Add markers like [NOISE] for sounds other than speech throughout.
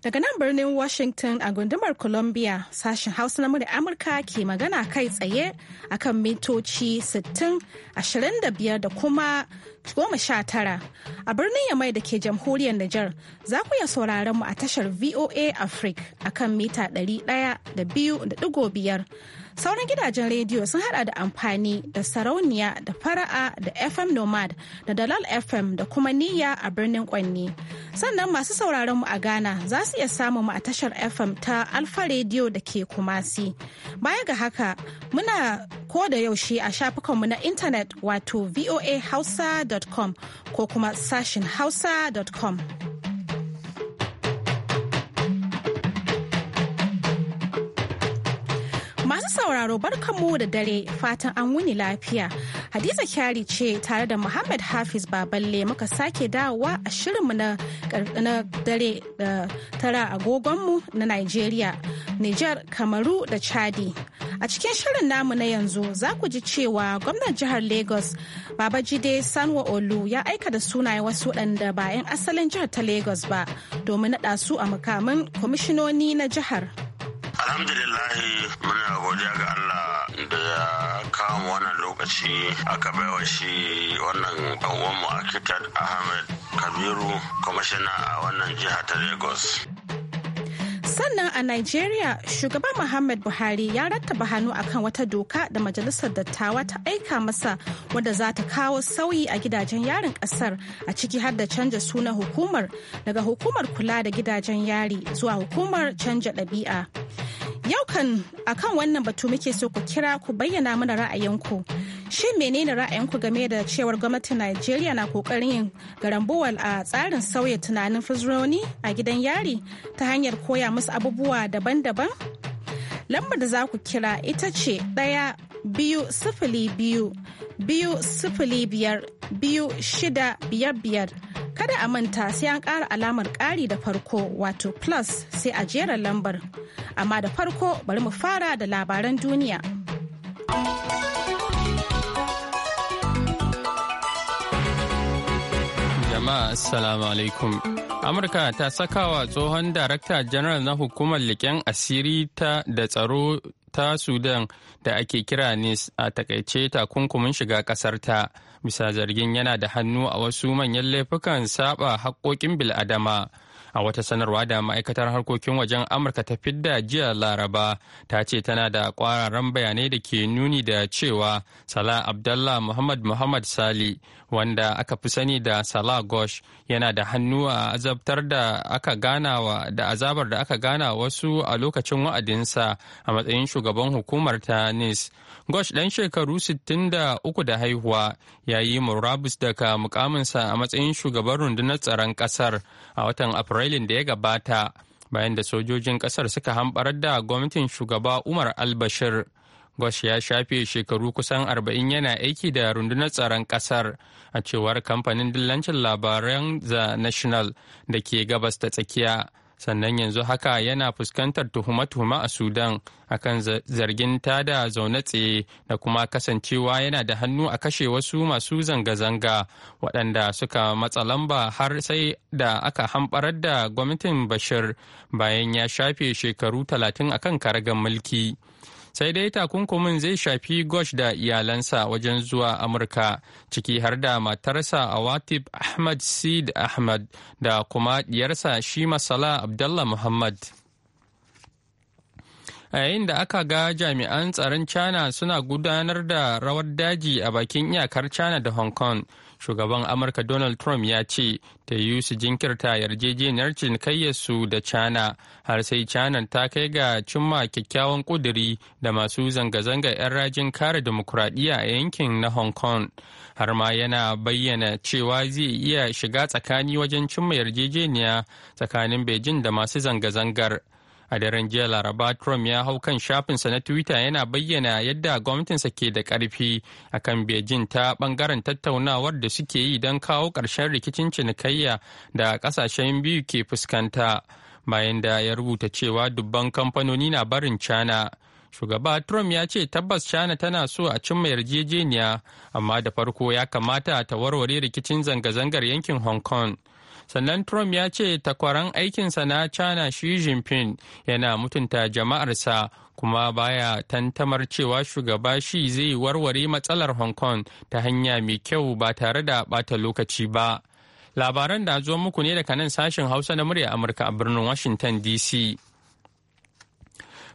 Daga nan birnin Washington a gundumar Columbia sashen Hausa na muryar Amurka ke magana kai tsaye akan mitoci 60, 25 da kuma 19. A birnin Yamai da ke jamhuriyar Nijar za ku iya sauraron mu a tashar VOA Africa akan mita ɗaya da Sauran gidajen rediyo sun hada da amfani da sarauniya da fara'a da FM Nomad da Dalal FM da kuma Niyya a birnin Kwanni. Sannan masu sauraron mu a Ghana za su iya samun mu a tashar FM ta Alfa rediyo da ke Kumasi. Baya ga haka muna ko da yaushe a shafukanmu na intanet wato voahausa.com ko kuma sashin hausa.com. Masu sauraro barkanmu da dare fatan an wuni lafiya. Hadiza Kyari ce tare da Muhammad Hafiz Baballe muka sake dawowa a shirinmu na dare da tara agogonmu na Nigeria, Nijar, Kamaru da Chadi. A cikin shirin namu na yanzu za ku ji cewa gwamnan jihar Lagos Babajide Sanwo Olu ya aika da sunaye wasu waɗanda ba 'yan asalin jihar ta Lagos ba domin naɗa su a mukamin kwamishinoni na jihar. alhamdulillah muna godiya ga allah da ya kawo wannan lokaci aka baiwa shi wannan dan uwanmu ahmed kabiru kwamishina a wannan jiha ta lagos sannan a Nigeria shugaban Muhammad Buhari ya rattaba hannu akan wata doka da majalisar dattawa ta aika masa wadda za ta kawo sauyi a gidajen yarin kasar a ciki har da canja sunan hukumar daga hukumar kula da gidajen yari zuwa hukumar canja ɗabi'a. Yau kan akan wannan batu muke so ku kira ku bayyana mana ra'ayinku. Shin menene ra'ayinku game da cewar gwamnatin Najeriya na kokarin yin garambuwal a tsarin sauya tunanin fursunoni a gidan yari ta hanyar koya musu abubuwa daban-daban? Lambar da za ku kira ita ce ɗaya biyu sifili biyu biyu sifili biyar biyu shida biyar biyar Kada a manta sai an ƙara alamar ƙari da farko wato plus sai a jera lambar. Amma da farko bari mu fara da labaran duniya. Jama'a Assalamu alaikum. Amurka ta sakawa tsohon darakta janar na hukumar leƙen asiri ta da tsaro ta Sudan da ake kira NIS a takaice takunkumin shiga ƙasarta. ta. bisa zargin yana da hannu a wasu manyan laifukan saba haƙƙoƙin bil'adama a wata sanarwa da ma'aikatar harkokin wajen amurka ta fidda jiya laraba ta ce tana da kwararan bayanai da ke nuni da cewa sala abdallah muhammad muhammad sali wanda aka fi sani da sala gosh yana da hannu a azabtar da aka ganawa da azabar da aka gana wasu a lokacin wa'adinsa a matsayin shugaban hukumar ta nis gosh dan shekaru 63 da haihuwa ya yi murabus daga mukaminsa a matsayin shugaban rundunar tsaron kasar a watan afrilu Isra'ilin da ya gabata bayan da sojojin kasar suka hamɓarar da gwamnatin shugaba Umar al-Bashir. Gosh ya shafe shekaru kusan arba'in yana aiki da rundunar tsaron kasar a cewar kamfanin dillancin labaran The National da ke gabas ta tsakiya. sannan yanzu haka yana fuskantar tuhume-tuhume a sudan akan zargin tada zaune tsaye da kuma kasancewa yana da hannu a kashe wasu masu zanga-zanga waɗanda suka matsa lamba har sai da aka hamɓarar da gwamnatin bashir bayan ya shafe shekaru talatin akan karagar mulki. sai dai takunkumin zai shafi gosh da iyalansa wajen zuwa amurka ciki har da matarsa awatib ahmad sid ahmad da kuma diyarsa shi masala abdallah muhammad a yayin da aka ga jami'an tsaron china suna gudanar da rawar daji a bakin iyakar china da hong kong shugaban amurka donald trump ya ce ta yi su jinkirta yarjejeniyar su da china har sai china ta kai ga cimma kyakkyawan kuduri da masu zanga zangar 'yan rajin kare demokuraɗiyya a yankin na hong kong har ma yana bayyana cewa zai iya shiga tsakani wajen cimma yarjejeniya tsakanin beijing da masu zanga-zangar. A daren jiya Laraba, Trump ya hau kan shafinsa na Twitter yana bayyana yadda gwamnatinsa ke da karfi a kan Beijing ta bangaren tattaunawar da suke yi don kawo ƙarshen rikicin cinikayya da ƙasashen biyu ke fuskanta. Bayan da ya rubuta cewa dubban kamfanoni na barin China. Shugaba Trump ya ce tabbas China tana so a cimma yarjejeniya, amma da farko ya kamata ta warware rikicin zanga-zangar yankin Hong Kong. sannan trump ya ce takwaran aikinsa na china shi jinping yana mutunta jama'arsa kuma baya tantamar cewa shugaba shi zai warware matsalar hong kong ta hanya mai kyau ba tare da bata lokaci ba labaran da zo muku ne daga nan sashen hausa na murya amurka a birnin washington dc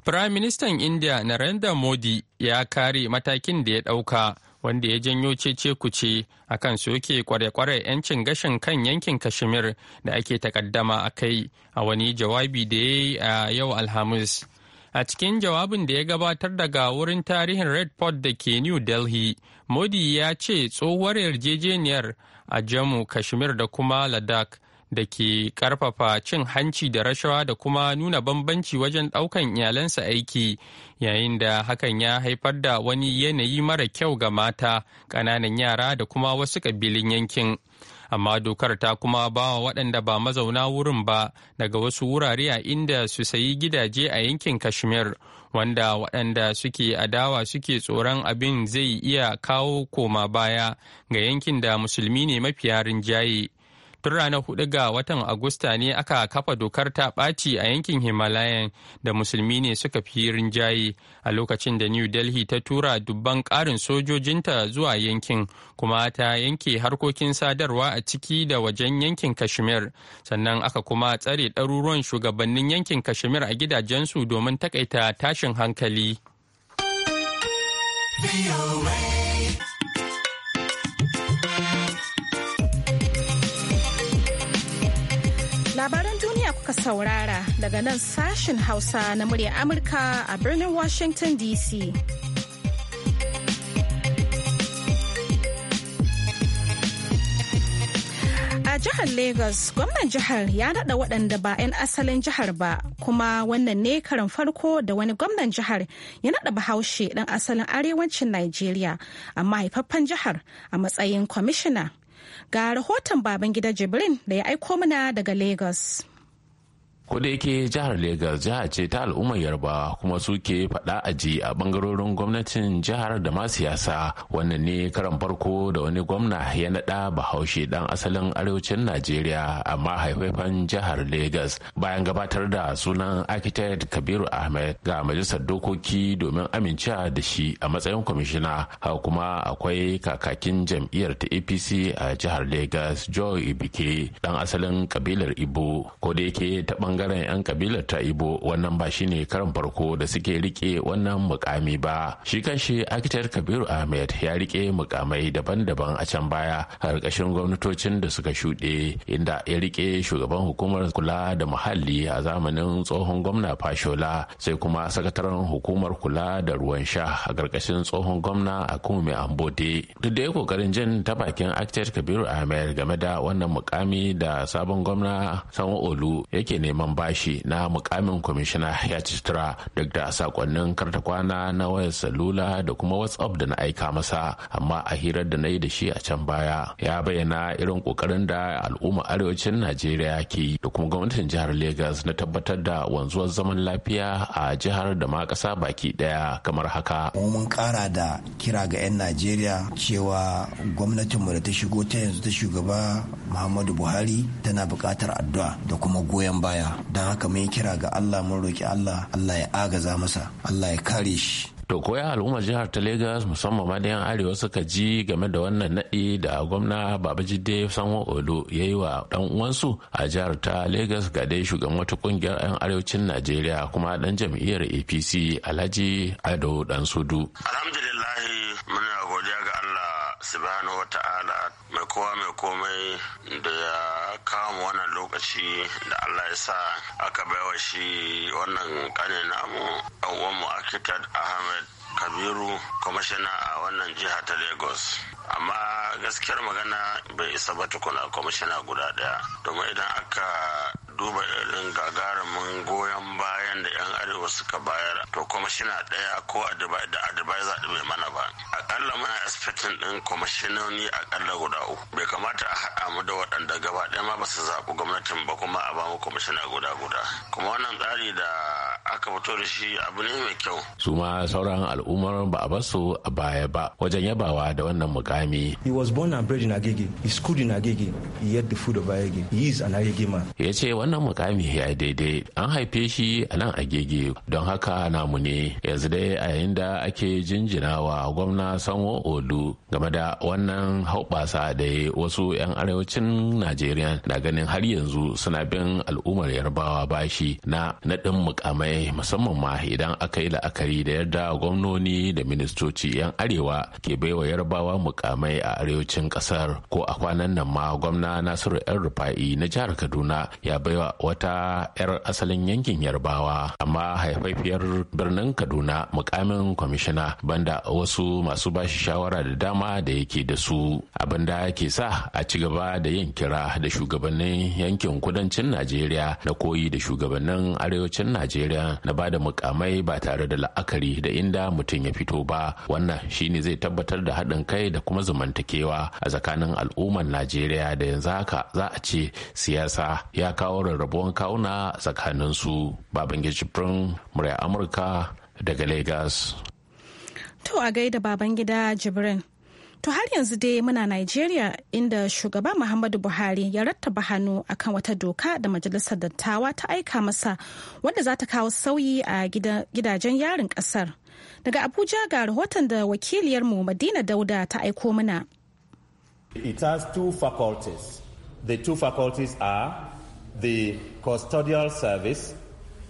Firaministan India Narendra Modi ya kare matakin da ya ɗauka wanda ya janyo cece kuce a kan soke kware-kware 'yancin gashin kan yankin kashmir da ake takaddama a kai a wani jawabi da ya yi a yau alhamis a cikin jawabin da ya gabatar daga wurin tarihin red fort da ke new delhi modi ya ce tsohuwar yarjejeniyar a jammu kashmir da kuma ladakh da ke karfafa cin hanci da rashawa da kuma nuna bambanci wajen ɗaukan iyalansa aiki yayin da hakan ya haifar da wani yanayi mara kyau ga mata ƙananan yara da kuma wasu ƙabilun yankin amma dokar ta kuma ba wa waɗanda ba mazauna wurin ba daga wasu wurare a inda su sayi gidaje a yankin kashmir wanda waɗanda suke adawa suke tsoron abin zai iya kawo koma baya ga yankin da musulmi ne mafiya rinjaye. jaye tun ranar hudu ga watan agusta ne aka kafa dokar ta ɓaci a yankin himalayan da musulmi ne suka fi rinjaye a lokacin da new delhi ta tura dubban ƙarin sojojinta zuwa yankin kuma ta yanke harkokin sadarwa a ciki da wajen yankin kashmir sannan aka kuma tsare ɗaruruwan shugabannin yankin kashmir a gidajensu domin takaita tashin hankali. saurara daga nan sashen Hausa na murya Amurka a birnin Washington DC. A jihar Lagos, gwamnan jihar ya naɗa waɗanda ba 'yan asalin jihar ba, kuma wannan ne karin farko da wani gwamnan jihar ya naɗa bahaushe ɗan asalin arewacin Najeriya, a mahaifaffan jihar a matsayin kwamishina. Ga rahoton baban gida Jibrin da ya aiko mana daga Lagos. ko da yake jihar Legas jiha ce ta al'ummar Yarbawa kuma suke faɗa aji a bangarorin gwamnatin jihar da ma siyasa wannan ne karan farko da wani gwamna ya naɗa bahaushe ɗan asalin arewacin Najeriya amma mahaifafan jihar Legas bayan gabatar da sunan architect Kabiru Ahmed ga majalisar dokoki domin amincewa da shi a matsayin kwamishina haka kuma akwai kakakin jam'iyyar ta APC a jihar Legas Joe Ibike ɗan asalin kabilar Ibo ko da yake bangaren 'yan kabilar ta ibo wannan ba shine karan farko da suke rike wannan mukami ba shi kanshi akitar kabiru ahmed ya rike mukamai daban-daban a can baya a ƙarƙashin gwamnatocin da suka shuɗe inda ya rike shugaban hukumar kula da muhalli a zamanin tsohon gwamna fashola sai kuma sakataren hukumar kula da ruwan sha a ƙarƙashin tsohon gwamna a kuma ambode duk da ya kokarin jin ta bakin akitar kabiru ahmed game da wannan mukami da sabon gwamna sanwo olu yake neman neman Bashi na mukamin kwamishina ya citira duk da sakonnin karta kwana na wayar salula da kuma WhatsApp da na aika masa amma a hirar da na yi da shi a can baya ya bayyana irin kokarin da al'umma arewacin Najeriya ke yi da kuma gwamnatin jihar Legas na tabbatar da wanzuwar zaman lafiya a jihar da ma kasa baki ɗaya kamar haka. Mun kara da kira ga 'yan Najeriya cewa gwamnatinmu da ta shigo ta yanzu ta shugaba Muhammadu Buhari tana bukatar addu'a da kuma goyon baya dan don haka mun kira ga Allah mun roki Allah Allah ya agaza masa Allah ya kare shi to koya al'ummar jihar ta lagos musamman ma yan arewa suka ji game da wannan naɗi da gwamna babajide sanwo olu ya yi wa ɗan uwansu a jihar ta lagos ga dai shugaban wata kungiyar yan arewacin najeriya kuma ɗan jam'iyyar apc alhaji ado dan sudu alhamdulillah subhanahu wa ta'ala mai kowa mai komai da ya kawo wannan lokaci da Allah ya sa aka baiwa shi wannan kane namu uwanmu architect Ahmed Kabiru kwamishina a wannan jiha ta Lagos. Amma gaskiyar magana bai isa ba tukuna kwamishina guda daya domin idan aka duba irin gagarumin goyon bayan da 'yan arewa suka bayar to kwamishina ɗaya ko da advisor ɗin bai mana ba akalla muna expecting ɗin kwamishinoni akalla guda uku bai kamata a haɗa mu da waɗanda gaba ɗaya ma ba su zaɓi gwamnatin ba kuma a bamu kwamishina guda guda kuma wannan tsari da aka fito da shi abu ne mai kyau su ma sauran al'ummar ba a basu a baya ba wajen yabawa da wannan mukami he was born and bred in agege he schooled in agege he had the food of agege he is an agege man ya ce wannan mukami ya daidai an haife shi a nan agege don haka namu ne yanzu dai a yayin da ake jinjinawa gwamna sanwo odu game da wannan haubasa da wasu 'yan arewacin najeriya na ganin har yanzu suna bin al'ummar yarbawa bashi na naɗin mukamai Eh, musamman ma idan aka yi la'akari da yadda gwamnoni da ministoci 'yan arewa ke baiwa yarbawa mukamai a arewacin ƙasar, ko a kwanan nan ma gwamna nasiru yan rufa'i na jihar kaduna ya baiwa wata 'yar asalin yankin yarbawa amma haifaifiyar birnin kaduna mukamin kwamishina banda wasu masu bashi shawara da dama da yake da su abin da ke sa a ci gaba da yin kira da shugabannin yankin kudancin najeriya na koyi da shugabannin arewacin najeriya na bada mukamai ba tare da la'akari da inda mutum ya fito ba wannan shine zai tabbatar da haɗin kai da kuma zumantakewa a tsakanin al'ummar najeriya da yanzu haka za a ce siyasa ya kawo rarrabuwan kawuna a su babangiji murya amurka daga lagos to a gaida baban gida jibrin To har yanzu dai muna Najeriya inda shugaba Muhammadu Buhari ya rattaba hannu akan wata doka da majalisar dattawa ta aika masa wanda za ta kawo sauyi a gidajen yarin kasar. Daga Abuja ga rahoton da wakiliyarmu Madina Dauda ta aiko mana. It has two faculties. The two faculties are the custodial service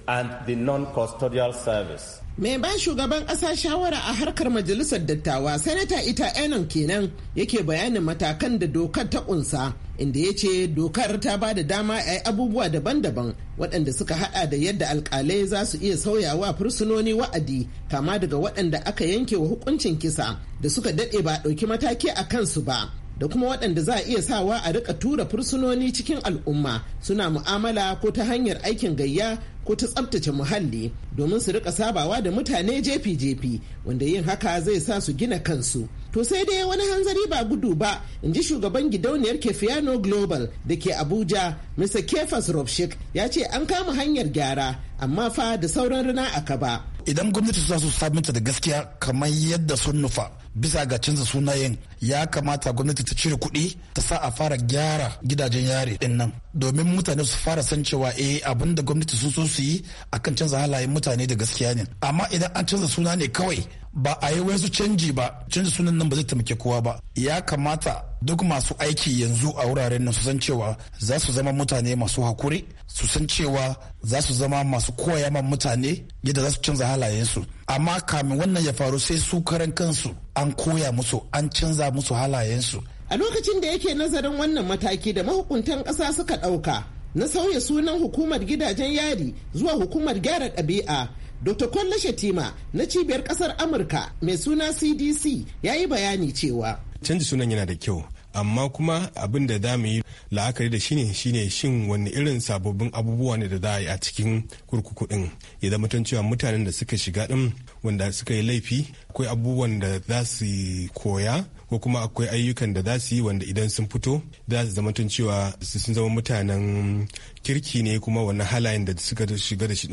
and the non-custodial service. mai ba shugaban ƙasa shawara a harkar majalisar dattawa sanata ita enon kenan yake bayanin matakan da dokar ta kunsa inda ya ce dokar ta ba da dama a abubuwa daban-daban waɗanda suka hada da yadda alkalai za su iya sauyawa fursunoni wa'adi kama daga waɗanda aka yanke wa hukuncin kisa da suka daɗe ba ɗauki mataki a kansu ba da kuma waɗanda za a iya sawa a rika tura fursunoni cikin al'umma suna mu'amala ko ta hanyar aikin gayya ko ta tsabtace muhalli domin su rika sabawa da mutane jefi-jefi wanda yin haka zai sa su gina kansu to sai dai wani hanzari ba gudu ba in ji shugaban gidauniyar kefiano global da ke abuja mr kefas robshik ya ce an kama hanyar gyara amma fa da sauran rana aka ba. idan gwamnati za su sabunta da gaskiya kamar yadda sun nufa bisa ga canza sunayen ya kamata gwamnati ta cire kuɗi ta sa a fara gyara gidajen yare din nan domin mutane su fara san cewa eh abinda gwamnati sun so su yi akan canza halayen mutane da gaskiya ne amma idan an canza suna ne kawai ba a yi wasu canji ba canji sunan nan ba zai taimake kowa ba ya kamata duk masu aiki yanzu a wuraren nan su san cewa za su zama mutane masu hakuri su san cewa za su zama masu koya ma mutane yadda za su canza halayensu amma kamin wannan ya faru sai su karan kansu an koya musu an canza musu halayensu a lokacin da yake nazarin wannan mataki da mahukuntan ƙasa suka ɗauka na sauya sunan hukumar gidajen yari zuwa hukumar gyara ɗabi'a Dr. Kwalla Shatima na cibiyar kasar Amurka mai suna CDC ya yi bayani cewa. Canji sunan yana da kyau, amma kuma abin da za mu yi la'akari da shine shine shin wani irin sababbin abubuwa ne da za a yi a cikin kurkuku din ya zama tun cewa mutanen da suka shiga din wanda suka yi laifi akwai abubuwan da za su koya ko kuma akwai ayyukan da za su yi wanda idan sun fito za su zama tun cewa sun zama mutanen kirki ne kuma wannan halayen da suka shiga da shi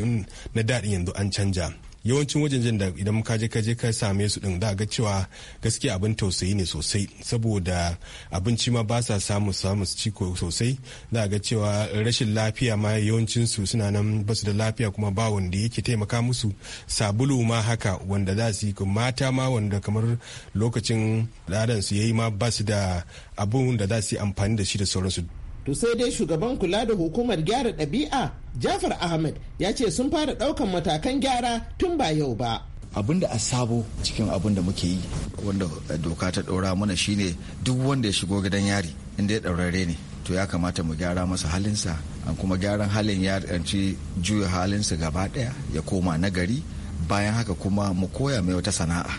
na daɗin yanzu an canja yawancin wajen da idan ka je ka je ka same su din da ga cewa gaskiya abin tausayi ne sosai saboda abinci ma ba sa samu samu su sosai da ga cewa rashin lafiya ma yawancin su suna nan ba su da lafiya kuma ba wanda yake taimaka musu sabulu ma haka wanda za su yi mata ma wanda kamar lokacin ladan su yayi ma ba su da abun da za su yi amfani da shi da sauransu to sai dai shugaban kula da hukumar gyara ɗabi'a jafar ahmed ya ce sun fara ɗaukan matakan gyara tun ba yau ba abin da a sabo cikin abin da muke yi wanda eh, doka ta ɗora mana shine duk wanda ya shigo gidan yari inda ya ɗaurare ne to ya kamata mu gyara masa halinsa an kuma gyaran halin ya ɗanci juya halinsa gaba ɗaya ya koma nagari bayan haka kuma mu koya mai wata sana'a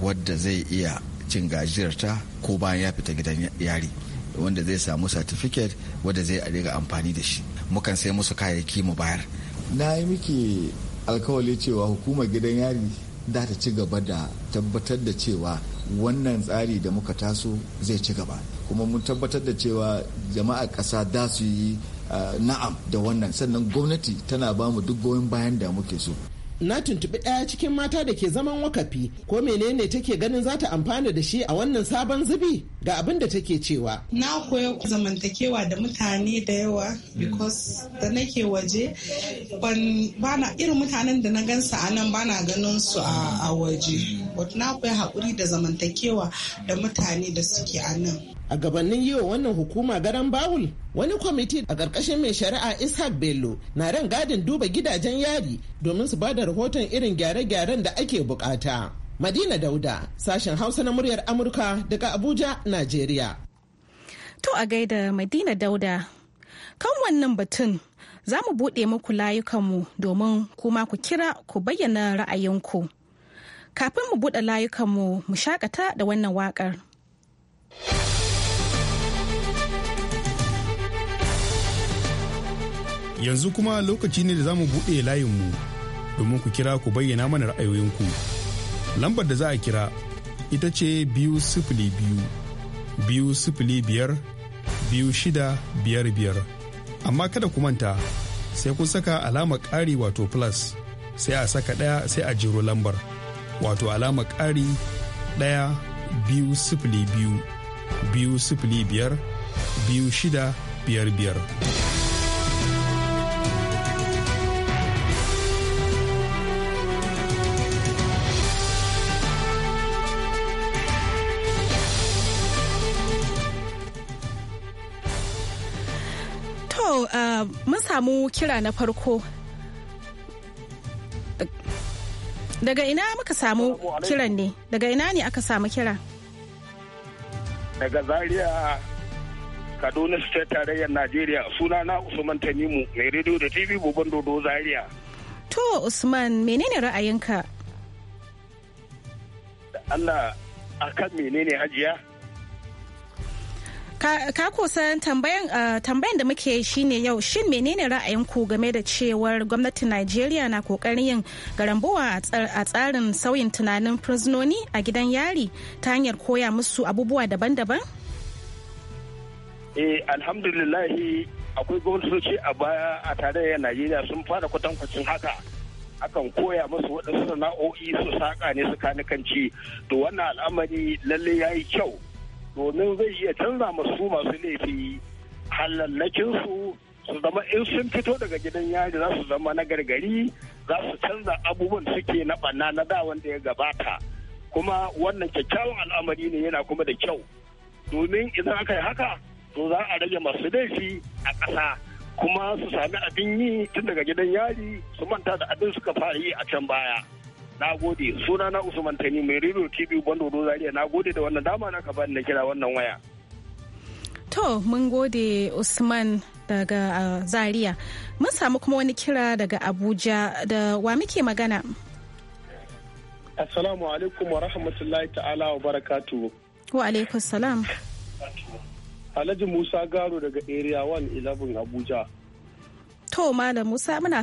wadda zai iya cin gajiyarta ko bayan ya fita gidan yari wanda zai samu satifiket wanda zai riga amfani da shi mukan sai musu kayayyaki mu bayar na yi miki alkawali cewa hukumar gidan yari za ta ci gaba da tabbatar da cewa wannan tsari da muka taso zai ci gaba kuma mun tabbatar da cewa jama'a ƙasa za su yi ah, na'am da wannan sannan gwamnati tana ba mu duk goyon bayan da muke so na tuntuɓi ɗaya cikin mata da ke zaman wakafi ko menene take ganin za ta amfana da shi a wannan sabon zubi ga abin da take cewa. Na koyi zamantakewa da mutane da yawa because da nake waje ban bana irin mutanen da na gansa a nan bana ganin su a waje. Airport na kai haƙuri da zamantakewa da mutane da suke a nan a gabanin yi wa wannan hukuma garan bawul wani kwamiti a ƙarƙashin mai shari'a ishaq bello na ran gadin duba gidajen yari domin su ba da rahoton irin gyare-gyaren da ake bukata madina dauda sashen hausa na muryar amurka daga abuja Najeriya. to a gaida madina dauda kan wannan batun za mu buɗe muku layukanmu domin kuma ku kira ku bayyana ra'ayinku. kafin mu buɗe layukanmu mu shakata da wannan waƙar. Yanzu kuma lokaci ne da za mu buɗe layinmu domin ku kira ku bayyana mana ra'ayoyinku. Lambar da za a kira ita ce biyu sifili biyu, biyu sifili biyar, biyu shida biyar biyar. Amma kada ku manta sai ku saka alama ƙari wato plus sai a saka ɗaya sai a jiro lambar. wato alama ƙari ɗaya biyu sifili biyu biyu sifili biyar biyu shida biyar biyar. Uh, mun samu kira na farko Daga ina muka samu kiran ne? Daga ina ne aka samu kira? Daga Zaria Kaduna State Tarayyar Najeriya suna na Usman Tanimu mai rediyo da TV Boban Dodo Zaria. To Usman menene ra'ayinka? Allah akan menene hajiya? ka kusan tambayan uh, da muke shi ne yau shin menene ra'ayin ku game da cewar gwamnatin najeriya na kokarin yin garambuwa a tsarin sauyin tunanin prisononi a gidan yari ta hanyar koya musu abubuwa daban-daban eh alhamdulillahi akwai gwamnatoci a baya a tarayya najeriya sun fara kwatankwacin haka akan koya musu waɗansu sana'o'i su saƙa ne su kanikanci to wannan al'amari lalle ya yi kyau domin zai iya canza masu masu laifi halallakinsu su su zama in sun fito daga gidan yari za su zama na gargari za su canza abubuwan suke na ɓanna na da wanda ya gabata kuma wannan kyakkyawan al'amari ne yana kuma da kyau domin idan aka yi haka to za a rage masu laifi a ƙasa kuma su sami abin yi tun daga gidan yari su manta da abin suka fara yi a can baya. na gode suna na usman tani mai rediyo tv bando zaria na gode da wannan dama na ka bani na kira wannan waya to mun gode usman daga uh, zaria mun samu kuma wani kira daga abuja da wa muke magana assalamu alaikum wa rahmatullahi ta'ala wa barakatu wa alaikum salam alhaji musa garo daga area 111 abuja to malam musa muna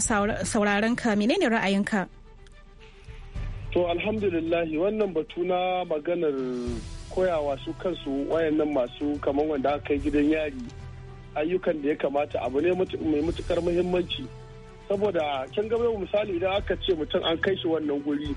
sauraron ka menene ra'ayinka To alhamdulillah wannan batu na maganar koyawa su kansu wayannan masu kamar wanda aka kai gidan yari ayyukan da ya kamata abu ne mai matukar muhimmanci saboda can gaba misali idan aka ce mutum an kai shi wannan guri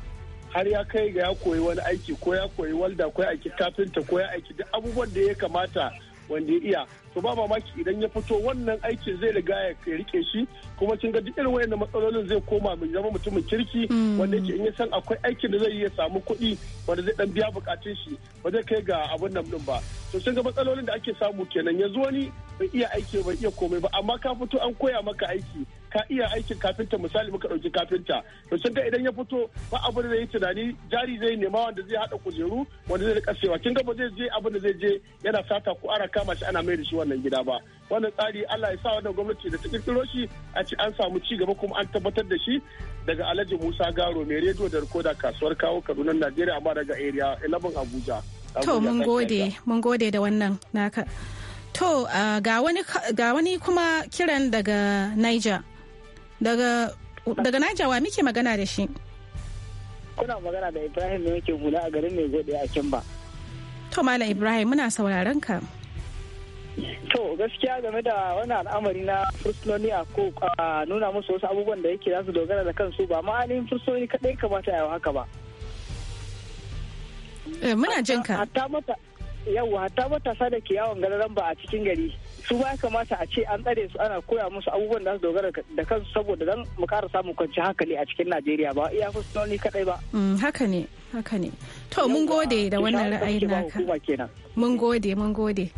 har ya kai ga ya koyi wani aiki ko ya koyi walda ko ya aiki kafinta ko ya aiki duk abubuwan da ya kamata wanda ya iya to ba mamaki idan ya fito wannan aikin zai riga ya rike shi kuma kin ga duk irin matsalolin zai koma mai zama mutumin kirki hmm. wanda yake in ya san akwai aikin da zai yi ya samu kuɗi wanda zai dan biya bukatun shi ba zai kai ga abun nan din ba to kin ga matsalolin da ake samu kenan yanzu wani bai iya aiki bai iya komai ba amma ka fito an koya maka aiki ka iya aikin kafinta misali muka ɗauki kafinta to sun ga idan ya fito ba abin da zai yi tunani jari zai nema wanda zai haɗa kujeru wanda zai rika sewa kin ga ba zai je abin da zai je yana sata ko ana kama shi ana mai da shi wannan gida ba wannan tsari Allah ya sa wannan gwamnati da ta kirkiro shi a ci an samu ci gaba kuma an tabbatar da shi daga Alhaji Musa Garo mai rediyo da rikoda kasuwar kawo Kaduna Najeriya amma daga area 11 Abuja. To mun gode, mun gode da wannan naka. To uh, ga wani kuma kiran daga Niger. daga daga Najawa muke magana da shi kuna magana da Ibrahim ne yake hula a garin mai gode a Kimba to mala Ibrahim muna sauraron ka to gaskiya game da wani al'amari na fursunoni a ko nuna musu wasu abubuwan da yake za su dogara da kansu ba ma ainihin fursunoni kaɗai kamata a haka ba eh, muna jinka hatta yawa ta matasa da ke yawon gararan ba a cikin gari su ba kamata a ce an tsare su ana koya musu abubuwan da su dogara da kansu saboda zan mu kara samun kwanci hankali a cikin Najeriya ba iya fuskanoni kadai ba. Mm, haka ne haka ne to mun gode da wannan ra'ayin naka mun gode mun gode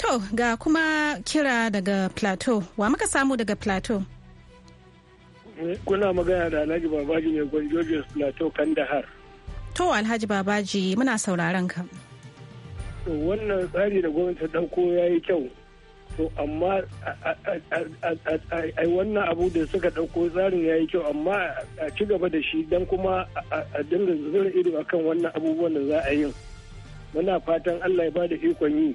to ga kuma kira daga plateau wa muka samu daga plateau eh, kuna magana da alhaji babaji ne gwanjojiyar plateau kandahar to alhaji babaji muna sauraron ka to wannan tsari da gwamnati ɗauko ya yi kyau to amma a wannan abu da suka ɗauko tsarin ya yi kyau amma a ci gaba da shi don kuma a dinga zura ido a kan wannan abubuwan da za a yi muna fatan allah ya bada ikon yi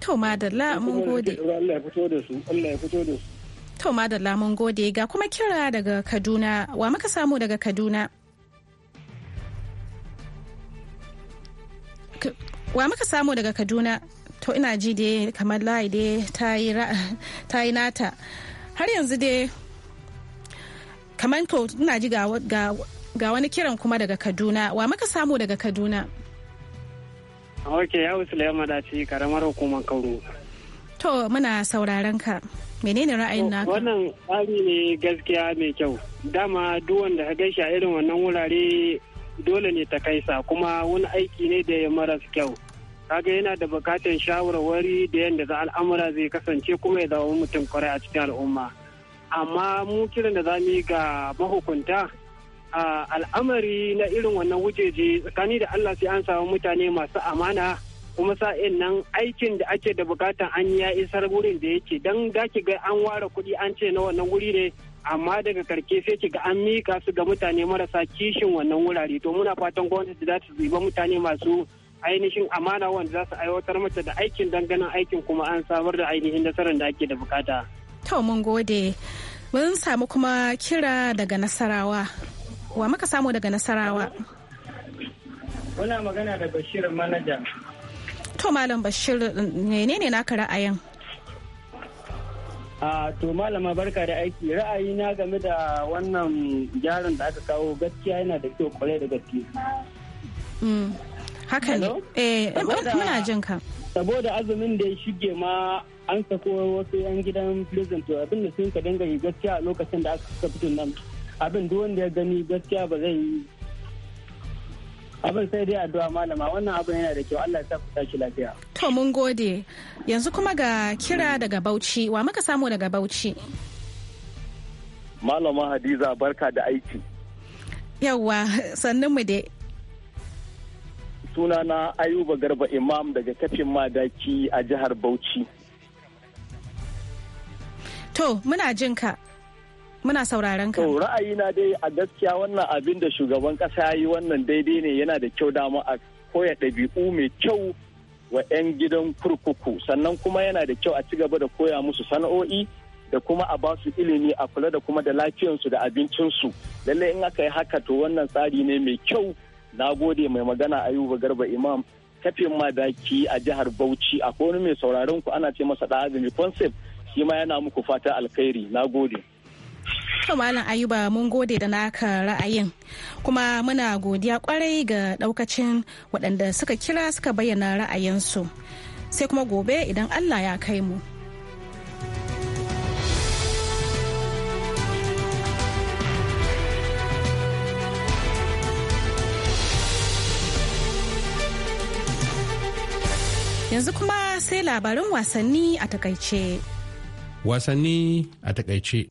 to madalla mun gode allah ya fito da su allah ya fito da su to madalla mun gode ga kuma kira daga kaduna wa muka samu daga kaduna wa muka samu daga kaduna to ina ji dai kamar layi dai [LAUGHS] ta yi nata har yanzu dai kamar to ina ji ga wani kiran kuma daga kaduna wa muka samu daga kaduna ok ya sulaiman da ce karamar hukumar kauru to muna sauraron ka menene ra'ayin naka wannan tsari ne gaskiya mai kyau dama duk wanda ka gaishe a irin wannan wurare dole ne ta kaisa kuma wani aiki ne da ya maras kyau kaga yana da bukatar shawarwari da yadda za al'amura zai kasance kuma ya zama mutum kwarai a cikin al'umma amma mu kiran da za mu yi ga mahukunta al'amari na irin wannan wujeje tsakani da allah sai an samu mutane masu amana kuma sa'in nan aikin da ake da bukatan an yi ya isar wurin da yake don da ga an ware kuɗi an ce na wannan wuri ne amma daga karke sai ki ga an mika su ga mutane marasa kishin wannan wurare to muna fatan gwamnati za ta zuba mutane masu ainihin amana wanda za su aiwatar mata da aikin danganan aikin kuma an samar da ainihin nasarar da ake da bukata. To mun gode. Mun samu kuma kira daga Nasarawa. Wa muka samu daga Nasarawa? Muna magana da Bashir Manaja. To Malam Bashir menene naka ra'ayin? to malama barka da aiki ra'ayi na game da wannan gyaran da aka kawo gaskiya yana da kyau kwarai da gaske mm. haka ne eh muna jin ka saboda azumin da ya shige ma an sako wasu yan gidan prison to abin da sun ka dinga yi gaskiya a lokacin da aka fito nan abin duk wanda ya gani gaskiya ba zai abin sai dai addu'a malama wannan abin yana da kyau Allah ya sa shi lafiya to mun gode yanzu kuma ga kira daga Bauchi wa muka samu daga Bauchi malama Hadiza barka da aiki yawa sannan mu dai sunana Ayuba Garba Imam daga kafin madaki a jihar Bauchi to muna jinka ka Muna sauraron ka. ra'ayi na dai a gaskiya wannan abin da shugaban kasa ya yi wannan daidai ne yana da kyau dama a koya ɗabi'u mai kyau wa 'yan gidan kurkuku sannan kuma yana da kyau a ci gaba da koya musu sana'o'i da kuma a ba su ilimi a kula da kuma da lafiyansu da abincinsu lallai in aka yi haka to wannan tsari ne mai kyau na gode mai magana ayuba garba imam kafin madaki a jihar bauchi akwai wani mai sauraron ku ana ce masa da azumi concept shi ma yana muku fata alkhairi na gode haka Malam Ayuba mun gode da naka ra'ayin kuma muna godiya kwarai ga daukacin waɗanda suka kira suka bayyana ra'ayinsu sai kuma gobe idan Allah ya kai mu. yanzu kuma sai labarin wasanni a takaice. Wasanni a takaice.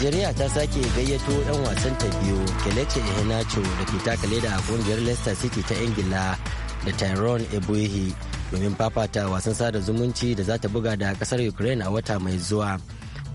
najeriya ta sake gayyato ɗan wasan ta biyu kelechi iheanacho da ke taka leda a kungiyar leicester city ta ingila da tyrone ebuehi domin fafata wasan sada zumunci da za ta buga da ƙasar ukraine a wata mai zuwa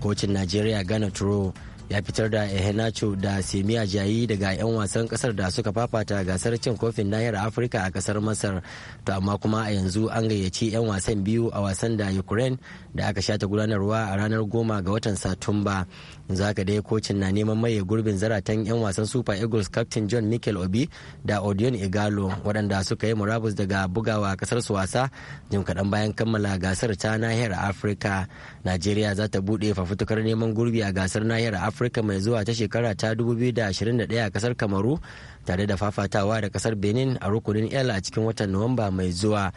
kocin najeriya gana turo ya fitar da ehenacho da semiya jayi daga 'yan wasan kasar da suka fafata gasar cin kofin nahiyar afirka a kasar masar to amma kuma a yanzu an gayyaci 'yan wasan biyu a wasan da ukraine da aka shata gudanarwa a ranar goma ga watan satumba zaka dai kocin na neman maye gurbin zaratan 'yan wasan super eagles captain john michael obi da odion igalo waɗanda suka yi murabus daga bugawa kasar su wasa jim kaɗan bayan kammala gasar ta nahiyar afirka najeriya za ta buɗe fafutukar neman gurbi a gasar nahiyar afirka afirka mai zuwa ta shekara ta 2021 a kasar kamaru tare da fafatawa da kasar benin a rukunin l a cikin watan nuwamba mai zuwa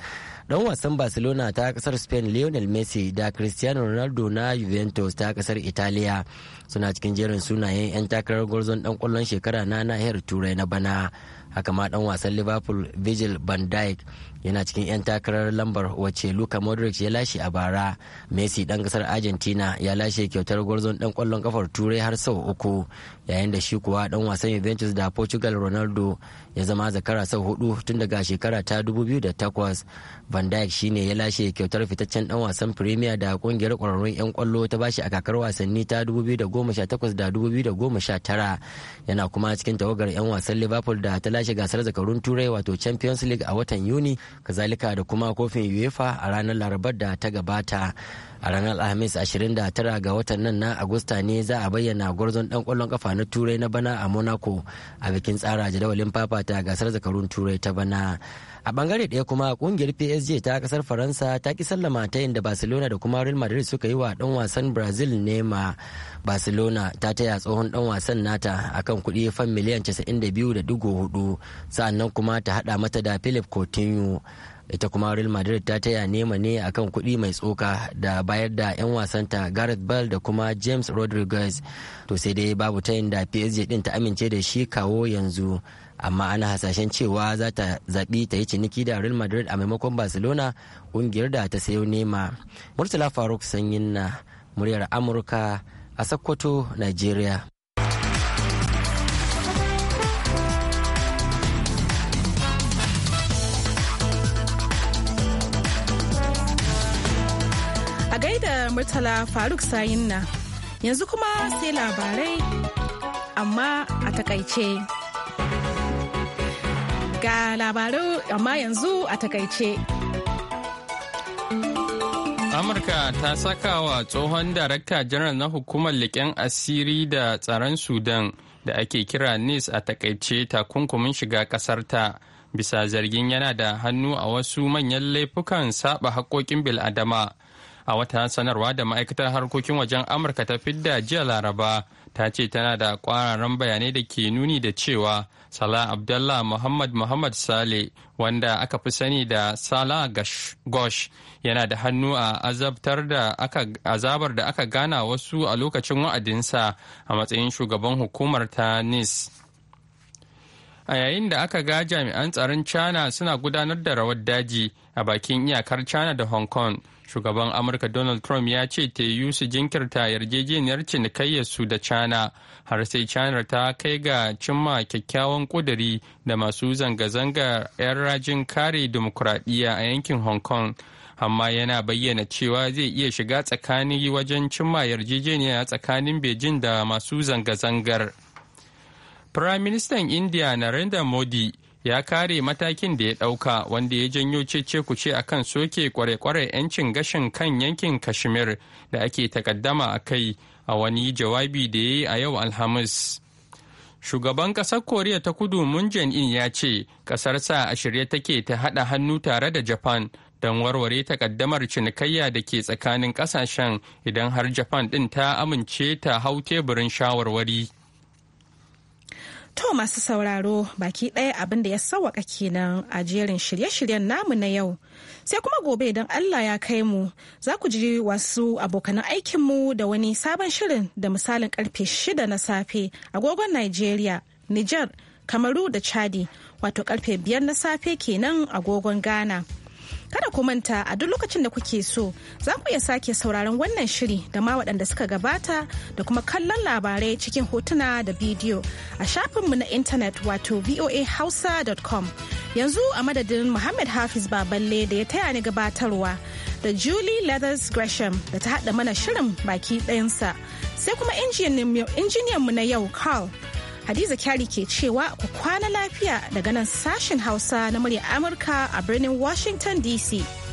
dan wasan barcelona ta kasar spain lionel messi da cristiano ronaldo na juventus ta kasar italiya suna cikin jerin sunayen 'yan takarar gwarzon dan kwallon shekara na nahiyar turai na bana haka ma dan wasan liverpool vigil van dijk yana cikin 'yan takarar lambar wacce luka modric ya lashe a bara messi dan kasar argentina ya lashe kyautar gwarzon dan kwallon kafar turai har sau uku yayin da shi kuwa dan wasan juventus da portugal ronaldo ya zama zakara sau hudu tun daga shekara ta 2008 van dijk shine ya lashe kyautar fitaccen dan wasan premier da kungiyar kwararrun 'yan kwallo ta bashi a kakar wasanni ta 2018 da 2019 yana kuma cikin tawagar 'yan wasan liverpool da ta lashe gasar zakarun turai wato champions league a watan yuni kazalika da kuma kofin uefa a ranar larabar da ta gabata a ranar alhamis 29 ga watan nan na agusta ne za a bayyana gwarzon dan kwallon kafa na turai na bana a monaco a bikin tsara jadawalin fafata gasar zakarun turai ta bana a bangare ɗaya kuma kungiyar psg ta kasar faransa ta ki sallama ta da barcelona da kuma real madrid suka yi wa dan wasan brazil nema barcelona ta taya tsohon dan wasan nata akan kuɗi fan miliyan 92.4 sa'annan kuma ta hada mata da philip coutinho ita kuma real madrid ta taya nema ne akan kuɗi mai tsoka da bayar da 'yan wasanta gareth bale da kuma james rodriguez to sai dai babu tayin da psg din ta amince da shi kawo yanzu amma ana hasashen cewa za ta zaɓi ta yi ciniki da real madrid a maimakon barcelona ƙungiyar da ta sayo nema murtala faruk sanyin na muryar amurka a sokoto nigeria a gaida murtala faruk sayin na yanzu kuma sai labarai amma a takaice. Ga labaru amma yanzu a takaice. Amurka ta saka wa tsohon darakta janar na hukumar liƙen asiri da tsaron Sudan da ake kira NIS a takaice takunkumin shiga ƙasarta bisa zargin yana da hannu a wasu manyan laifukan saba haƙoƙin bil'adama. A wata sanarwa da ma'aikatar harkokin wajen Amurka ta fidda jiya Laraba ta ce tana da ƙwararren bayanai da ke nuni da cewa Salah Abdullah Muhammad Muhammad Sale wanda aka fi sani da Salah Gosh yana da hannu a azabtar da aka azabar da aka gana wasu a lokacin wa'adinsa a matsayin shugaban hukumar ta NIS. a yayin da aka ga jami'an tsaron china suna gudanar da rawar daji a bakin iyakar china da hong kong shugaban amurka donald trump ya ce ta yi su jinkirta yarjejeniyar cinikayyarsu da china har sai china ta kai ga cimma kyakkyawan kuduri da masu zanga zanga 'yan rajin kare demokuraɗiyya a yankin hong kong amma yana bayyana cewa zai iya shiga tsakani wajen cimma yarjejeniya tsakanin beijing da masu zanga-zangar firaministan india narendra modi ya kare matakin da ya ɗauka wanda ya janyo cece kuce a kan soke kware-kware 'yancin gashin kan yankin kashmir da ake takaddama a kai a wani jawabi da ya yi a yau alhamis shugaban ƙasar koriya ta kudu jan in ya ce ƙasarsa a shirye take ta haɗa hannu tare da japan don warware takaddamar cinikayya da ke tsakanin ƙasashen idan har japan ɗin ta amince ta hau teburin shawarwari. To masu sauraro baki ɗaya abin da ya sawaka kenan a jerin shirye-shiryen namu na yau. Sai kuma gobe idan Allah ya kai mu za ku ji wasu abokanan aikinmu da wani sabon shirin da misalin karfe shida na safe agogon Nigeria, niger Kamaru da Chadi wato karfe biyar na safe kenan agogon Ghana. Kada ku manta a duk lokacin da kuke so za ku iya sake sauraron wannan shiri da ma waɗanda suka gabata da kuma kallon labarai cikin hotuna da bidiyo a shafinmu na intanet wato voahausa.com. Yanzu a madadin Muhammad Hafiz Baballe da ya taya ni gabatarwa da Julie Leathers Gresham da ta haɗa mana shirin baki ɗayansa sai kuma injiniyanmu na yau Carl. Hadiza Kyari ke cewa ku kwana lafiya daga nan sashen Hausa na muryar Amurka a birnin Washington DC.